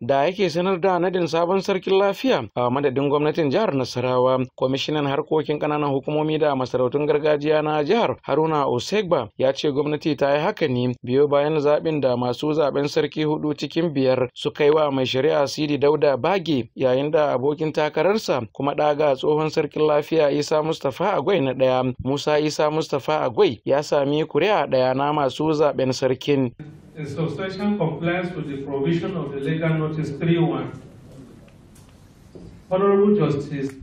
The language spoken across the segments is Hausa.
da yake sanar da nadin sabon sarkin lafiya a madadin gwamnatin jihar Nasarawa kwamishinan harkokin kananan hukumomi da masarautun gargajiya na jihar Haruna Osegba ya ce gwamnati ta yi haka ne biyo bayan zaɓin da masu zaɓen sarki hudu cikin biyar su kai wa mai shari'a Sidi Dauda Bage yayin da abokin takararsa kuma ɗaga tsohon sarkin lafiya Isa Mustapha Agwai na ɗaya Musa Isa Mustapha Agwai ya sami kuri'a ɗaya na masu zaɓen sarkin. in substantial compliance with the provision of the legal notice 3-1, 1.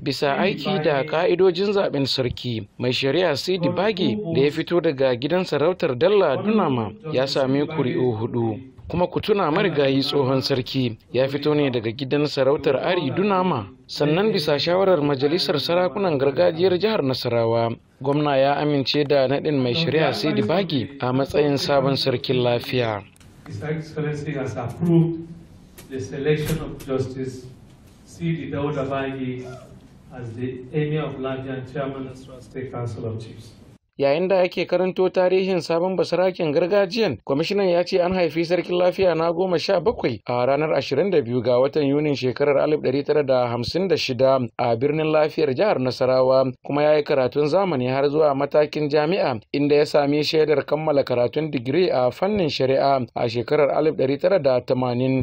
Bisa aiki da ka'idojin zaben sarki, mai shari'a Sidi Bage da ya fito daga gidan sarautar Dalla Dunama ya sami kuri'u hudu. kuma ku tuna marigayi tsohon sarki ya fito ne daga gidan sarautar ari dunama sannan bisa shawarar majalisar sarakunan gargajiyar jihar nasarawa gwamna ya amince da naɗin mai shari'a sai bagi a matsayin sabon sarkin lafiya the selection of as the Emir of Labian Chairman of the Council of Chiefs. yayin da ake karanto tarihin sabon basirakin gargajiyan kwamishinan ya ce an haifi sarkin lafiya na goma sha bakwai a ranar ashirin ga watan yunin shekarar alif da hamsin da shida a birnin lafiyar jihar nasarawa kuma ya yi karatun zamani har zuwa matakin jami'a inda ya sami shaidar kammala karatun digiri a fannin shari'a a shekarar alif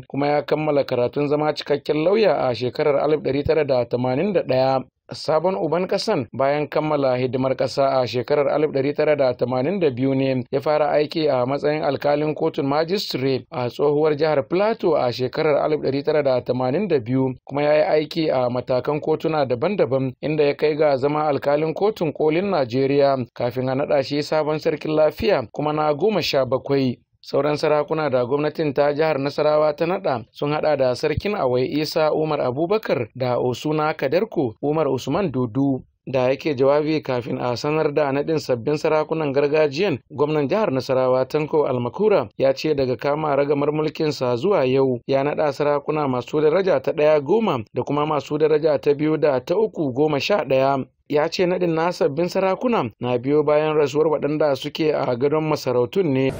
kuma ya kammala karatun zama cikakken lauya a shekarar alif ɗaya sabon uban kasan bayan kammala hidimar kasa a shekarar 1982 ne ya fara aiki a matsayin alkalin kotun majistire a tsohuwar jihar plateau a shekarar 1982 kuma ya yi aiki a matakan kotuna daban-daban inda ya kai ga zama alkalin kotun kolin najeriya kafin a naɗa shi sabon sarkin lafiya kuma na goma sha bakwai sauran sarakuna da gwamnatin ta jihar nasarawa ta naɗa sun haɗa da sarkin awai isa umar abubakar da osuna kadarko umar usman dudu da yake jawabi kafin a sanar da naɗin sabbin sarakunan gargajiyan gwamnan jihar nasarawa tanko almakura ya ce daga kama ragamar mulkinsa zuwa yau ya naɗa sarakuna masu daraja ta ɗaya goma da kuma masu daraja ta biyu da ta uku goma sha ɗaya ya ce naɗin na sabbin sarakuna na biyo bayan rasuwar waɗanda suke a gadon masarautun ne.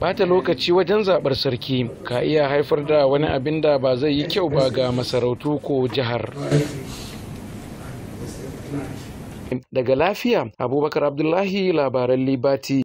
bata lokaci wajen zaɓar sarki ka iya haifar da wani abin da ba zai yi kyau ba ga masarautu ko jihar. Daga lafiya, Abubakar Abdullahi labaran Libati.